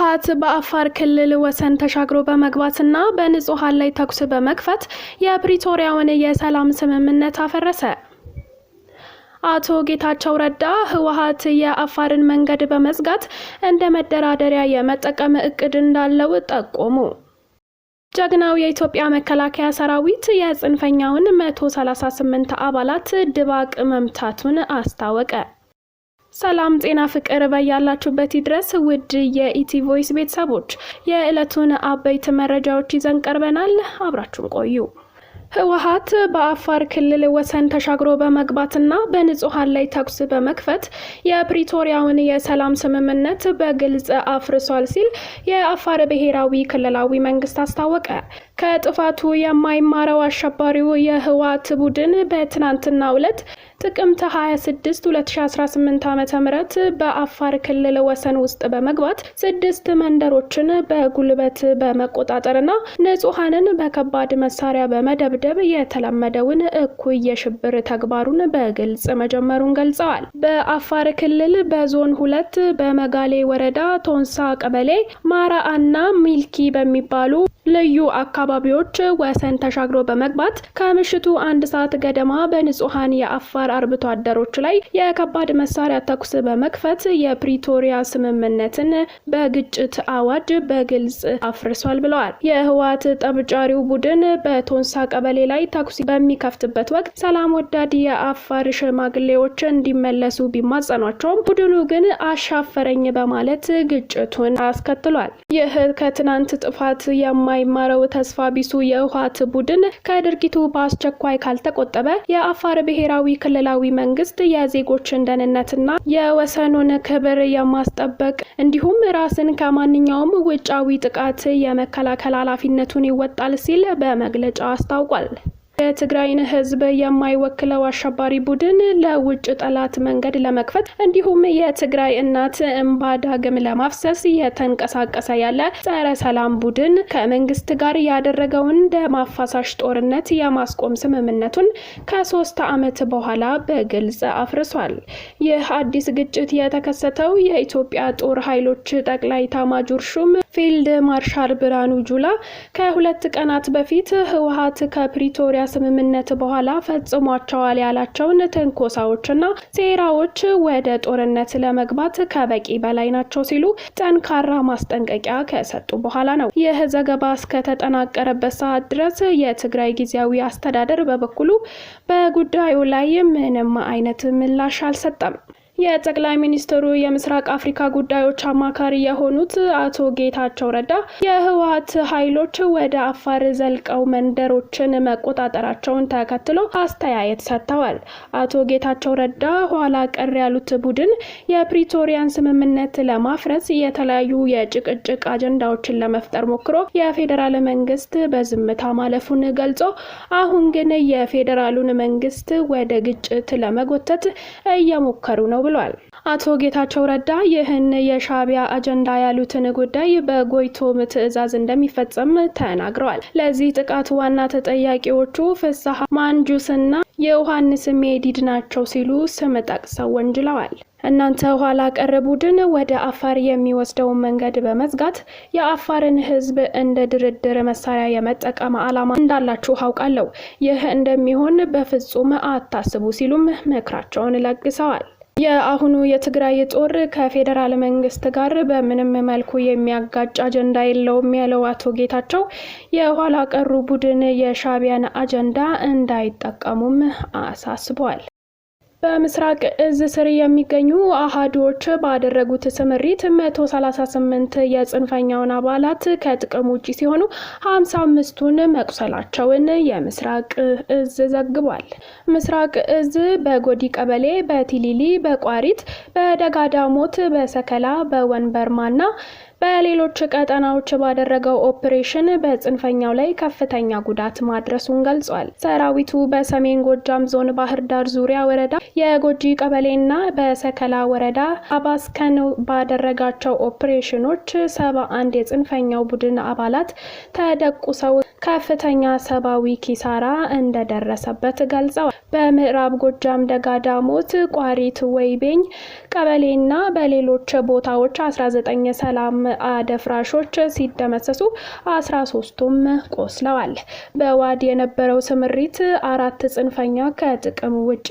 ህወሓት በአፋር ክልል ወሰን ተሻግሮ በመግባትና በንጹሐን ላይ ተኩስ በመክፈት የፕሪቶሪያውን የሰላም ስምምነት አፈረሰ። አቶ ጌታቸው ረዳ ህወሓት የአፋርን መንገድ በመዝጋት እንደ መደራደሪያ የመጠቀም እቅድ እንዳለው ጠቆሙ። ጀግናው የኢትዮጵያ መከላከያ ሰራዊት የጽንፈኛውን 138 አባላት ድባቅ መምታቱን አስታወቀ። ሰላም ጤና ፍቅር በያላችሁበት ድረስ ውድ የኢቲ ቮይስ ቤተሰቦች የዕለቱን አበይት መረጃዎች ይዘን ቀርበናል። አብራችሁን ቆዩ። ህወሀት በአፋር ክልል ወሰን ተሻግሮ በመግባትና በንጹሐን ላይ ተኩስ በመክፈት የፕሪቶሪያውን የሰላም ስምምነት በግልጽ አፍርሷል ሲል የአፋር ብሔራዊ ክልላዊ መንግስት አስታወቀ። ከጥፋቱ የማይማረው አሸባሪው የህወሓት ቡድን በትናንትናው ዕለት ጥቅምት 26 2018 ዓ ም በአፋር ክልል ወሰን ውስጥ በመግባት ስድስት መንደሮችን በጉልበት በመቆጣጠርና ንጹሐንን በከባድ መሳሪያ በመደብደብ የተለመደውን እኩይ የሽብር ተግባሩን በግልጽ መጀመሩን ገልጸዋል። በአፋር ክልል በዞን ሁለት በመጋሌ ወረዳ ቶንሳ ቀበሌ ማራአና ሚልኪ በሚባሉ ልዩ አካባቢዎች ወሰን ተሻግሮ በመግባት ከምሽቱ አንድ ሰዓት ገደማ በንጹሐን የአፋር አርብቶ አደሮች ላይ የከባድ መሳሪያ ተኩስ በመክፈት የፕሪቶሪያ ስምምነትን በግጭት አዋጅ በግልጽ አፍርሷል ብለዋል። የህወሓት ጠብጫሪው ቡድን በቶንሳ ቀበሌ ላይ ተኩስ በሚከፍትበት ወቅት ሰላም ወዳድ የአፋር ሽማግሌዎች እንዲመለሱ ቢማጸኗቸውም ቡድኑ ግን አሻፈረኝ በማለት ግጭቱን አስከትሏል። ይህ ከትናንት ጥፋት የማ የማይማረው ተስፋ ቢሱ የህወሓት ቡድን ከድርጊቱ በአስቸኳይ ካልተቆጠበ የአፋር ብሔራዊ ክልላዊ መንግስት የዜጎችን ደህንነትና የወሰኑን ክብር የማስጠበቅ እንዲሁም ራስን ከማንኛውም ውጫዊ ጥቃት የመከላከል ኃላፊነቱን ይወጣል ሲል በመግለጫ አስታውቋል። የትግራይን ህዝብ የማይወክለው አሸባሪ ቡድን ለውጭ ጠላት መንገድ ለመክፈት እንዲሁም የትግራይ እናት እምባ ዳግም ለማፍሰስ እየተንቀሳቀሰ ያለ ጸረ ሰላም ቡድን ከመንግስት ጋር ያደረገውን ደም አፋሳሽ ጦርነት የማስቆም ስምምነቱን ከሶስት ዓመት በኋላ በግልጽ አፍርሷል። ይህ አዲስ ግጭት የተከሰተው የኢትዮጵያ ጦር ኃይሎች ጠቅላይ ኤታማዦር ሹም ፊልድ ማርሻል ብርሃኑ ጁላ ከሁለት ቀናት በፊት ህወሀት ከፕሪቶሪያ ስምምነት በኋላ ፈጽሟቸዋል ያላቸውን ትንኮሳዎችና ሴራዎች ወደ ጦርነት ለመግባት ከበቂ በላይ ናቸው ሲሉ ጠንካራ ማስጠንቀቂያ ከሰጡ በኋላ ነው። ይህ ዘገባ እስከተጠናቀረበት ሰዓት ድረስ የትግራይ ጊዜያዊ አስተዳደር በበኩሉ በጉዳዩ ላይ ምንም አይነት ምላሽ አልሰጠም። የጠቅላይ ሚኒስትሩ የምስራቅ አፍሪካ ጉዳዮች አማካሪ የሆኑት አቶ ጌታቸው ረዳ የህወሀት ኃይሎች ወደ አፋር ዘልቀው መንደሮችን መቆጣጠራቸውን ተከትሎ አስተያየት ሰጥተዋል። አቶ ጌታቸው ረዳ ኋላ ቀር ያሉት ቡድን የፕሪቶሪያን ስምምነት ለማፍረስ የተለያዩ የጭቅጭቅ አጀንዳዎችን ለመፍጠር ሞክሮ የፌዴራል መንግስት በዝምታ ማለፉን ገልጾ አሁን ግን የፌዴራሉን መንግስት ወደ ግጭት ለመጎተት እየሞከሩ ነው ብሏል። ብሏል። አቶ ጌታቸው ረዳ ይህን የሻቢያ አጀንዳ ያሉትን ጉዳይ በጎይቶም ትዕዛዝ እንደሚፈጸም ተናግረዋል። ለዚህ ጥቃት ዋና ተጠያቂዎቹ ፍስሐ ማንጁስና የዮሐንስ ሜዲድ ናቸው ሲሉ ስም ጠቅሰው ወንጅለዋል። እናንተ ኋላ ቀር ቡድን ወደ አፋር የሚወስደውን መንገድ በመዝጋት የአፋርን ሕዝብ እንደ ድርድር መሳሪያ የመጠቀም ዓላማ እንዳላችሁ አውቃለሁ። ይህ እንደሚሆን በፍጹም አታስቡ ሲሉም ምክራቸውን ለግሰዋል። የአሁኑ የትግራይ ጦር ከፌዴራል መንግስት ጋር በምንም መልኩ የሚያጋጭ አጀንዳ የለውም ያለው አቶ ጌታቸው የኋላ ቀሩ ቡድን የሻቢያን አጀንዳ እንዳይጠቀሙም አሳስበዋል። በምስራቅ እዝ ስር የሚገኙ አሃዶች ባደረጉት ስምሪት 138 የጽንፈኛውን አባላት ከጥቅም ውጭ ሲሆኑ 55ቱን መቁሰላቸውን የምስራቅ እዝ ዘግቧል። ምስራቅ እዝ በጎዲ ቀበሌ፣ በቲሊሊ፣ በቋሪት፣ በደጋዳሞት፣ በሰከላ፣ በወንበርማና በሌሎች ቀጠናዎች ባደረገው ኦፕሬሽን በጽንፈኛው ላይ ከፍተኛ ጉዳት ማድረሱን ገልጿል። ሰራዊቱ በሰሜን ጎጃም ዞን ባህር ዳር ዙሪያ ወረዳ የጎጂ ቀበሌና በሰከላ ወረዳ አባስከን ባደረጋቸው ኦፕሬሽኖች ሰባ አንድ የጽንፈኛው ቡድን አባላት ተደቁሰው ከፍተኛ ሰብአዊ ኪሳራ እንደደረሰበት ገልጸዋል። በምዕራብ ጎጃም ደጋዳሞት ቋሪት፣ ወይቤኝ ቀበሌና በሌሎች ቦታዎች 19 ሰላም አደፍራሾች ሲደመሰሱ አስራ ሶስቱም ቆስለዋል። በዋድ የነበረው ስምሪት አራት ጽንፈኛ ከጥቅም ውጪ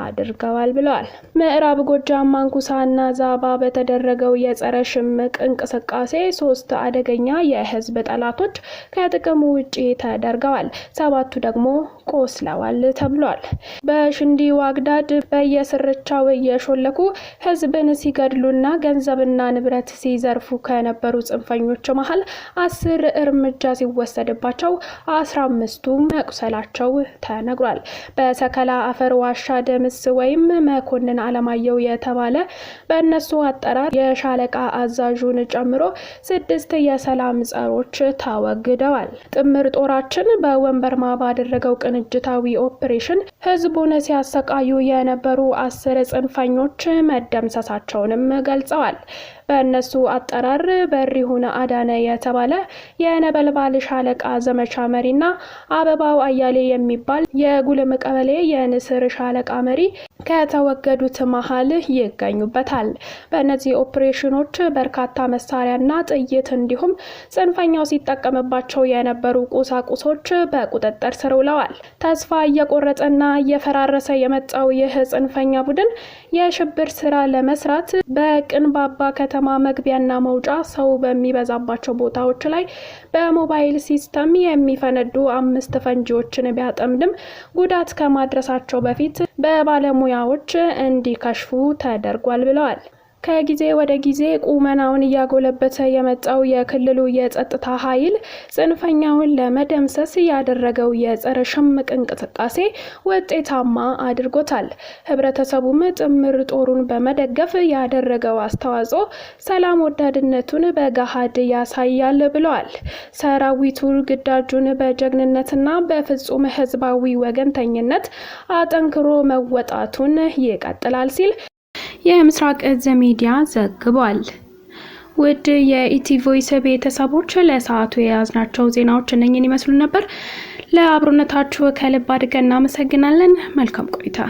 አድርገዋል ብለዋል። ምዕራብ ጎጃም ማንኩሳና ዛባ በተደረገው የጸረ ሽምቅ እንቅስቃሴ ሶስት አደገኛ የህዝብ ጠላቶች ከጥቅም ውጪ ተደርገዋል። ሰባቱ ደግሞ ቆስለዋል ተብሏል። በሽንዲ ዋግዳድ በየስርቻው እየሾለኩ ህዝብን ሲገድሉና ገንዘብና ንብረት ሲዘርፉ ከነበሩ ጽንፈኞች መሀል አስር እርምጃ ሲወሰድባቸው አስራ አምስቱ መቁሰላቸው ተነግሯል። በሰከላ አፈር ዋሻ ደምስ ወይም መኮንን አለማየሁ የተባለ በእነሱ አጠራር የሻለቃ አዛዡን ጨምሮ ስድስት የሰላም ጸሮች ታወግደዋል። ጥምር ጦራችን በወንበርማ ባደረገው ቅን ቅንጅታዊ ኦፕሬሽን ህዝቡን ሲያሰቃዩ የነበሩ አስር ጽንፈኞች መደምሰሳቸውንም ገልጸዋል። በእነሱ አጠራር በሪሁን አዳነ የተባለ የነበልባል ሻለቃ ዘመቻ መሪና አበባው አያሌ የሚባል የጉልም ቀበሌ የንስር ሻለቃ መሪ ከተወገዱት መሀል ይገኙበታል። በእነዚህ ኦፕሬሽኖች በርካታ መሳሪያና ጥይት እንዲሁም ጽንፈኛው ሲጠቀምባቸው የነበሩ ቁሳቁሶች በቁጥጥር ስር ውለዋል። ተስፋ እየቆረጠና እየፈራረሰ የመጣው ይህ ጽንፈኛ ቡድን የሽብር ስራ ለመስራት በቅንባባ ከተማ ከተማ መግቢያና መውጫ ሰው በሚበዛባቸው ቦታዎች ላይ በሞባይል ሲስተም የሚፈነዱ አምስት ፈንጂዎችን ቢያጠምድም ጉዳት ከማድረሳቸው በፊት በባለሙያዎች እንዲከሽፉ ተደርጓል ብለዋል። ከጊዜ ወደ ጊዜ ቁመናውን እያጎለበተ የመጣው የክልሉ የጸጥታ ኃይል ጽንፈኛውን ለመደምሰስ ያደረገው የጸረ ሽምቅ እንቅስቃሴ ውጤታማ አድርጎታል። ህብረተሰቡም ጥምር ጦሩን በመደገፍ ያደረገው አስተዋጽኦ ሰላም ወዳድነቱን በገሃድ ያሳያል ብለዋል። ሰራዊቱ ግዳጁን በጀግንነትና በፍጹም ህዝባዊ ወገንተኝነት አጠንክሮ መወጣቱን ይቀጥላል ሲል የምስራቅ እዝ ሚዲያ ዘግቧል። ውድ ቮይስ ቤተሰቦች ለሰዓቱ የያዝናቸው ዜናዎች እነኝን ይመስሉ ነበር። ለአብሮነታችሁ ከልብ አድርገን እናመሰግናለን። መልካም ቆይታ